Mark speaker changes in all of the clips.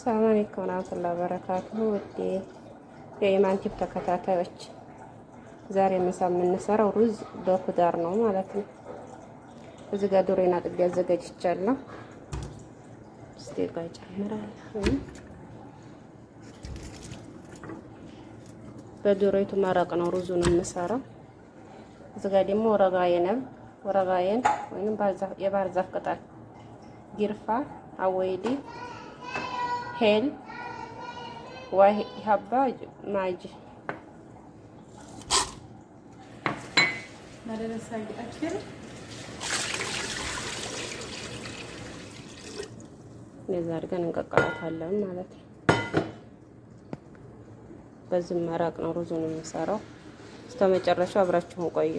Speaker 1: ሰላም አለይኩም ወራህመቱላሂ ወበረካቱሁ። ውዴ የኢማን ቲፕ ተከታታዮች ዛሬ ምሳ የምንሰራው ሩዝ በኩዳር ነው ማለት ነው። እዚህ ጋር ዶሮና ጥቤ አዘጋጅቻለሁ። እስቲ ጋር ጨምራለሁ። በዶሮይቱ መረቅ ነው ሩዙን የምሰራው። እዚህ ጋር ደግሞ ወረጋየን ወረጋየን ወይም የባህር ዛፍ ቅጠል ጊርፋ አወይዴ ሄል wahaba maji. እንደዛ አድርገን እንቀቅላታለን ማለት ነው። በዚህ መራቅ ነው ሩዙን የምንሰራው። እስከ መጨረሻው አብራችሁን ቆዩ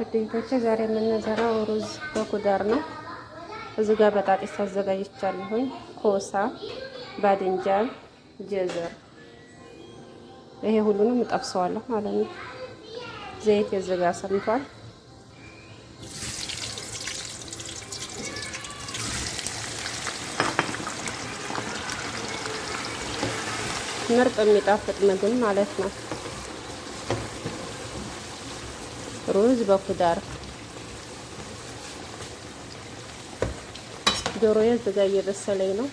Speaker 1: ውድ ቤቶቼ። ዛሬ የምንሰራው ሩዝ በኩዳር ነው። እዚህ ጋር በጣጤስ አዘጋጅቻለሁኝ። ኮሳ፣ ባድንጃን፣ ጀዘር ይሄ ሁሉንም እጠብሰዋለሁ ማለት ነው። ዘይት የዚህ ጋር ሰምቷል። ምርጥ የሚጣፍጥ ምግብ ማለት ነው። ሩዝ በኩዳር ዶሮ እዚህ ጋር እየበሰለኝ ነው።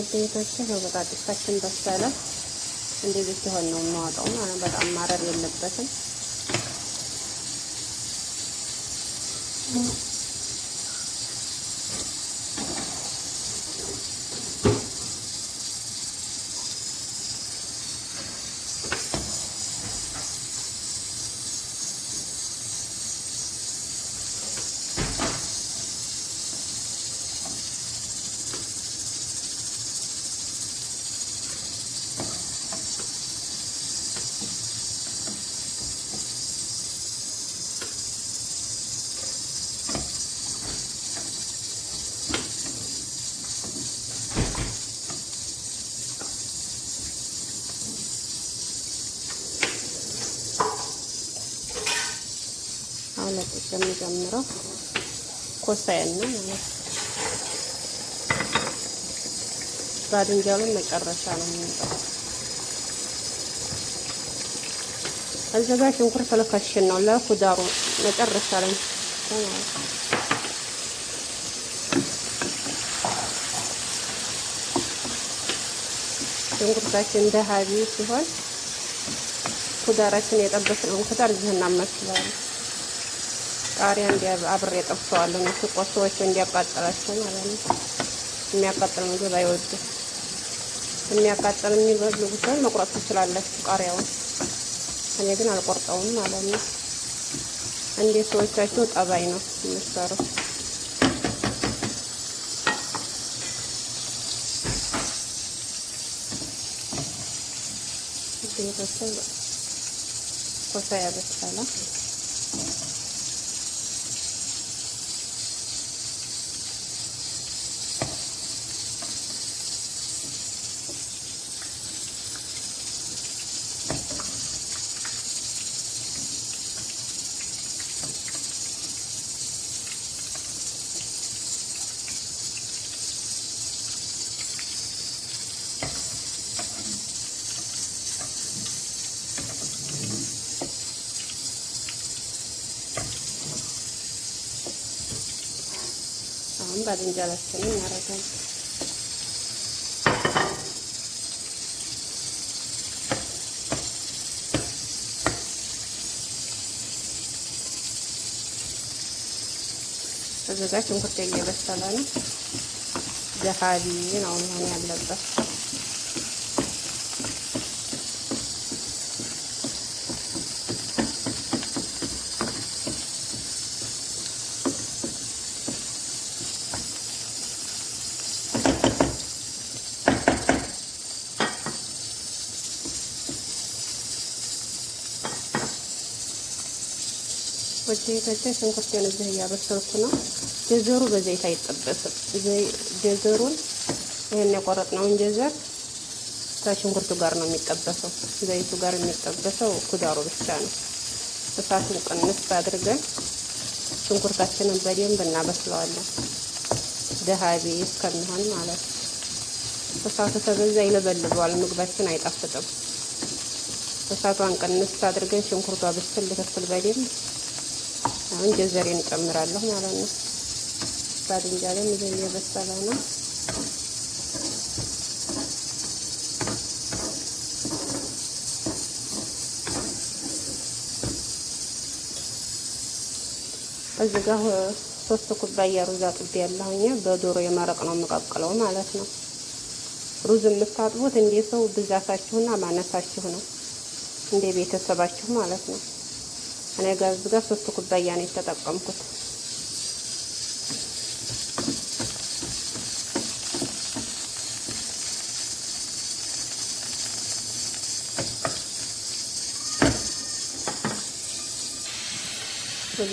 Speaker 1: ወደየታችን በጣም ጥፋችን በሰለ እንደዚህ ሲሆን ነው የማወጣው። በጣም ማረር የለበትም። Mm-hmm. ኮሳያን ነው ማለት ባድንጃሉን መጨረሻ ነው የሚወጣው። እዚጋ ሽንኩርት ልከሽን ነው ለኩዳሩ መጨረሻ ላይ ሽንኩርታችን እንደ ሀቢ ሲሆን ኩዳራችን የጠበስነውን ኩዳር እዚህ እናመስላለን። ቃሪያ አብሬ ጠብሰዋለሁ። እነሱ ቆሶዎች እንዲያቃጠላቸው ማለት ነው። የሚያቃጥል ምግብ አይወዱም። የሚያቃጥል የሚበሉ ሰው መቁረጥ ትችላላችሁ ቃሪያውን። እኔ ግን አልቆርጠውም ማለት ነው። እንዴ ሰዎቻችሁ ጠባይ ነው የምትሰሩ። ቤተሰብ ኮሳ ያበስላል። አሁን ባድንጃላችንን እናረጋለን። እዚህ ጋር ሽንኩርት እየበሰለ ነው። ገፋቢ ነው መሆን ያለበት። እህቶቼ ሽንኩርቴን እዚህ እያበሰልኩ ነው። ጀዘሩ በዘይት አይጠበስም። ጀዘሩን ይህን የቆረጥነውን ጀዘር ከሽንኩርቱ ጋር ነው የሚጠበሰው። ዘይቱ ጋር የሚጠበሰው ኩዳሩ ብቻ ነው። እሳቱን ቅንስ አድርገን ሽንኩርታችንን በደንብ እናበስለዋለን። ደሃቢ እስከሚሆን ማለት ነው። እሳቱ ከበዛ ይለበልበዋል፣ ምግባችን አይጣፍጥም። እሳቷን ቅንስ አድርገን ሽንኩርቷ ብስል ልክክል በደንብ አሁን ጀዘሬን እጨምራለሁ ማለት ነው። ባድንጃሌም እየበሰለ ነው። እዚህ ጋር ሶስት ኩባያ ሩዝ አጥቤ ያለሁኝ በዶሮ የመረቅ ነው የምቀቅለው ማለት ነው። ሩዝ የምታጥቡት እንደ ሰው ብዛታችሁና ማነሳችሁ ነው፣ እንደ ቤተሰባችሁ ማለት ነው። እኔ ጋር ጋር ሶስት ኩባያ ነው የተጠቀምኩት።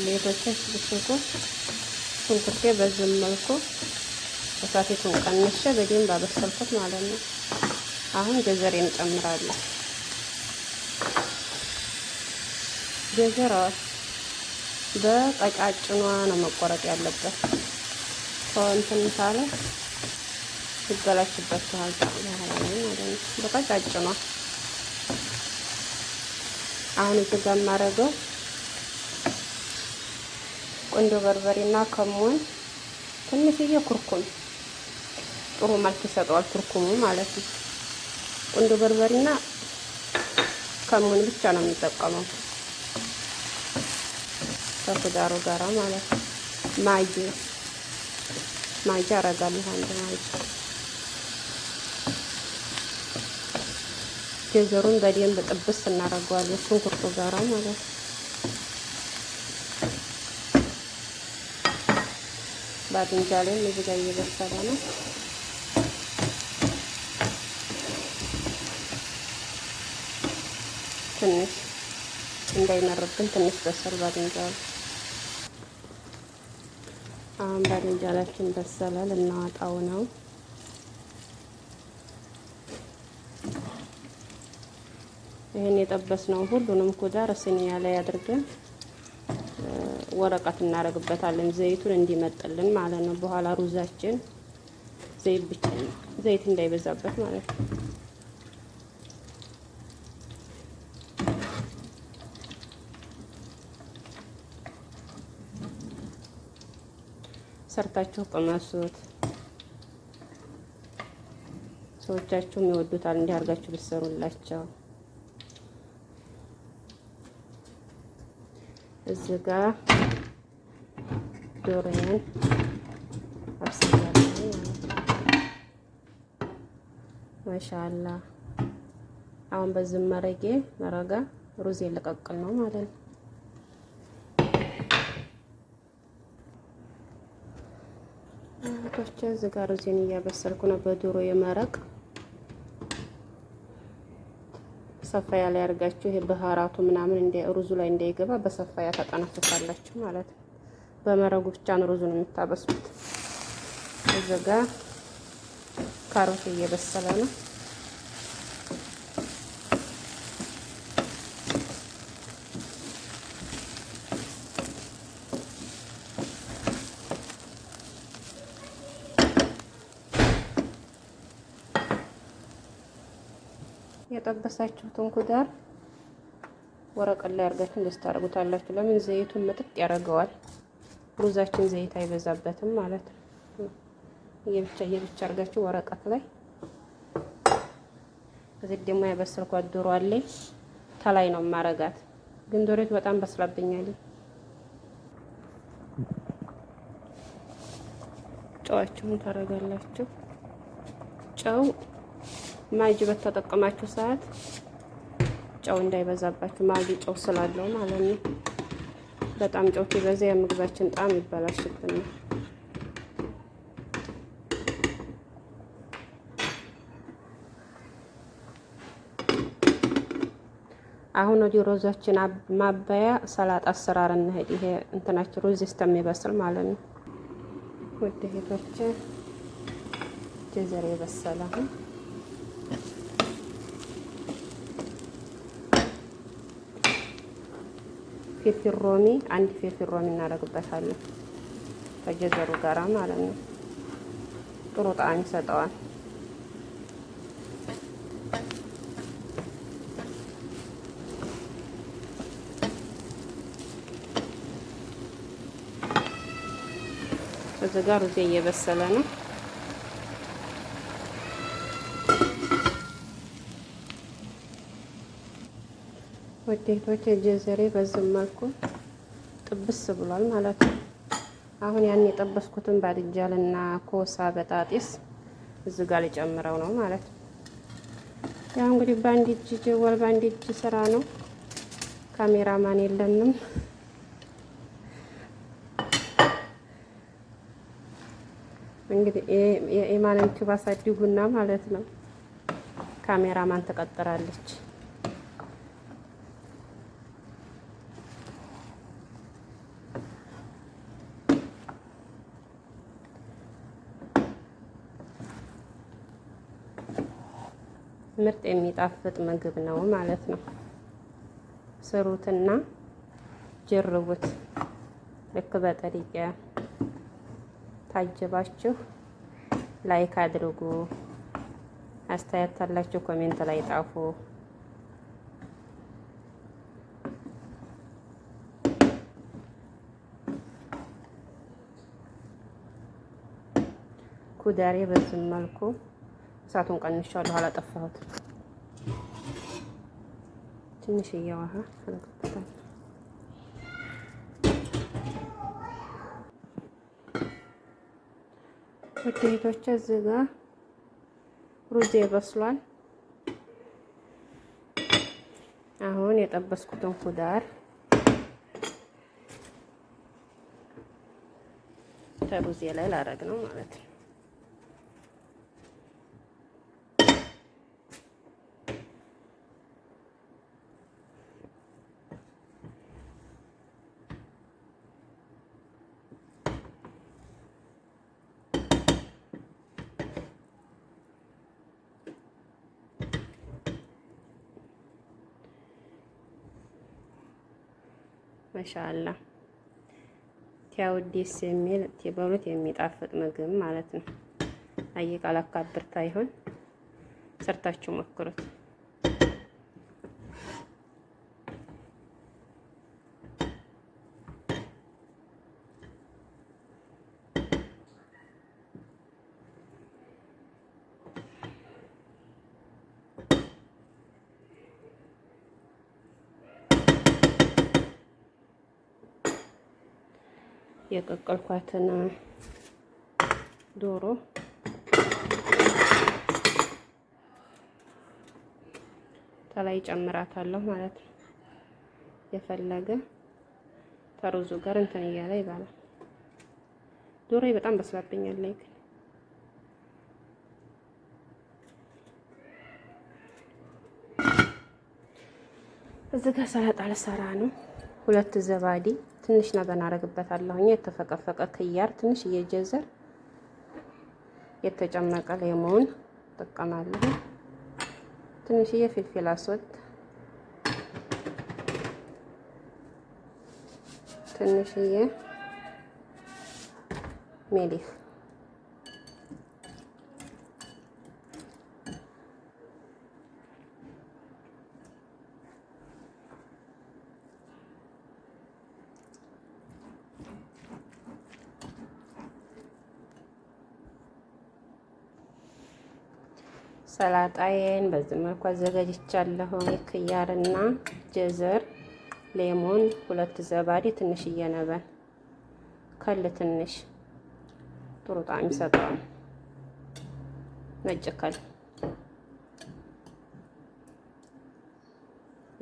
Speaker 1: ሌሎች ሽንኩርት ሽንኩርቴ በዚህ መልኩ እሳቴቱን ቀንሼ በደንብ አበሰልኩት ማለት ነው። አሁን ጀዘሬን እንጨምራለን። ጀዝራዎች በቀጫጭኗ ነው መቆረጥ ያለበት። ከእንትን ሳለ ይበላሽባችኋል ማለት ነው። በቀጫጭኗ አሁን እዚህ ጋር የማደርገው ቆንጆ በርበሬና ከሞን ትንሽዬ ኩርኩም ጥሩ መልክ ይሰጠዋል። ኩርኩሙ ማለት ነው። ቆንጆ በርበሬና ከሞን ብቻ ነው የሚጠቀመው። ከኩዳሩ ጋራ ማለት ነው። ማጂ ማጂ አረጋለሁ አንድ ማጂ። ጀዘሩን በደንብ ጥብስ እናደርገዋለን ሽንኩርቱ ጋራ ማለት ነው። ባድንጃ ላይ እዚህ ጋር እየበሰለ ነው። ትንሽ እንዳይመርብን ትንሽ በሰል ባድንጃ አሁን ባድንጃላችን በሰለ ልናወጣው ነው። ይህን የጠበስነው ሁሉንም ኩዳር ስኒያ ላይ አድርገን ወረቀት እናደርግበታለን። ዘይቱን እንዲመጥልን ማለት ነው። በኋላ ሩዛችን ዘይት ብቻ ዘይት እንዳይበዛበት ማለት ነው። ሰርታችሁ ቅመሱት። ሰዎቻችሁም ይወዱታል። እንዲህ አድርጋችሁ ብትሰሩላቸው። እዚህ ጋር ዶሮዬን አብስያለሁ ማለት ማሻአላ አሁን በዝመረጌ መረጋ ሩዝ የለቀቅል ነው ማለት ነው። ናቸው። እዚህ ጋር ሩዝን እያበሰልኩ ነው በዶሮ የመረቅ ሰፋ ያለ ያርጋችሁ። ይሄ ባህራቱ ምናምን እንደ ሩዙ ላይ እንዳይገባ በሰፋ ያተጠነፍፋላችሁ ማለት ነው። በመረጉ ብቻ ነው ሩዙን የምታበስሉት። እዚህ ጋር ካሮት እየበሰለ ነው። የጠበሳችሁትን ኩዳር ወረቀት ላይ አርጋችሁ እንደዚህ ታደርጉታላችሁ። ለምን ዘይቱን መጥጥ ያደርገዋል። ሩዛችን ዘይት አይበዛበትም ማለት ነው። የብቻ እየብቻ ወረቀት ላይ እዚህ ደግሞ ያበሰልኳት ዶሮ አለኝ። ተላይ ነው ማረጋት፣ ግን ዶሮት በጣም በስላብኛል። ጨዋችሁን ታደርጋላችሁ ጨው ማጅ በተጠቀማችሁ ሰዓት ጨው እንዳይበዛባችሁ ማጅ ጨው ስላለው ማለት ነው። በጣም ጨው ሲበዛ የምግባችን ጣም ይበላሽብናል። አሁን ወዲ ሮዛችን ማባያ ሰላጣ አሰራር እንሂድ። ይሄ እንትናችን ሮዝ እስከሚበስል ማለት ነው። ውድ ሄቶች ጀዘሬ የበሰለ ፌፊር ሮሚ አንድ ፌፊር ሮሚ እናደርግበታለን ከጀዘሩ ጋራ ማለት ነው። ጥሩ ጣዕም ይሰጠዋል። እዚህ ጋር እዚህ እየበሰለ ነው። ወዴቶች የጀዘሬ በዚህ መልኩ ጥብስ ብሏል ማለት ነው። አሁን ያን የጠበስኩትን ባድጃልና ኮሳ በጣጢስ እዚ ጋ ልጨምረው ነው ማለት ነው። ያው እንግዲህ ባንዲጅ ጀወል በአንድ ስራ ነው። ካሜራማን የለንም። እንግዲህ የኢማንን ኪብ አሳድጉና ማለት ነው ካሜራማን ትቀጥራለች። ምርጥ የሚጣፍጥ ምግብ ነው ማለት ነው። ስሩትና ጀርቡት። ልክ በጠሪቀ ታጀባችሁ ላይክ አድርጉ። አስተያየት ካላችሁ ኮሜንት ላይ ጣፉ። ኩዳሬ በዚህ መልኩ እሳቱን ቀንሻለሁ፣ አላጠፋሁት። ትንሽ እያዋሃ አለቀበታል። ውድቶች እዚህ ሩዝ በስሏል። አሁን የጠበስኩትን ኩዳር ከሩዜ ላይ ላረግ ነው ማለት ነው። መሻላ ቲያው ደስ የሚል ቲበሉት የሚጣፍጥ ምግብ ማለት ነው። አይቃላ ካብርታ ይሁን ሰርታችሁ ሞክሩት። የቀቀልኳትን ዶሮ ከላይ ጨምራታለሁ ማለት ነው። የፈለገ ተሩዙ ጋር እንትን እያለ ይባላል። ዶሮ በጣም በስላብኛል ላይ እዚህ ጋር ሰላጣ ልሰራ ነው። ሁለት ዘባዴ ትንሽ ነገር እናደርግበታለሁኝ። የተፈቀፈቀ ክያር ትንሽ እየጀዘር የተጨመቀ ሌሞን እጠቀማለሁ። ትንሽዬ ፍልፍል አስወጥ፣ ትንሽዬ ሜሊፍ ሰላጣዬን በዚህ መልኩ አዘጋጅቻለሁ። ክያርና ጀዘር፣ ሌሞን፣ ሁለት ዘባዴ፣ ትንሽ እየነበን ከል ትንሽ ጥሩ ጣዕም ይሰጠዋል። ነጭ ከል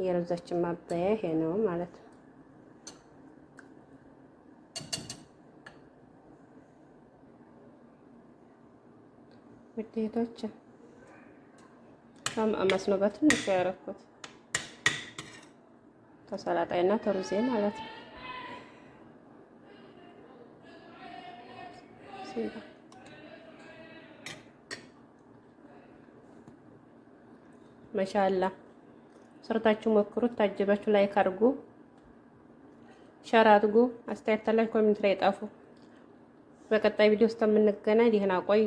Speaker 1: የረዛችን ማበያ ይሄ ነው ማለት ነው። ውድ አማስ ነው በትንሹ ያደረኩት ተሰላጣይና ተሩዜ ማለት ነው። መሻላ ሰርታችሁ ሞክሩት። ታጀባችሁ ላይክ አድርጉ፣ ሸር አድርጉ። አስተያየት ታላችሁ ኮሜንት ላይ ጣፉ። በቀጣይ ቪዲዮ እስከምንገናኝ ደህና ቆዩ።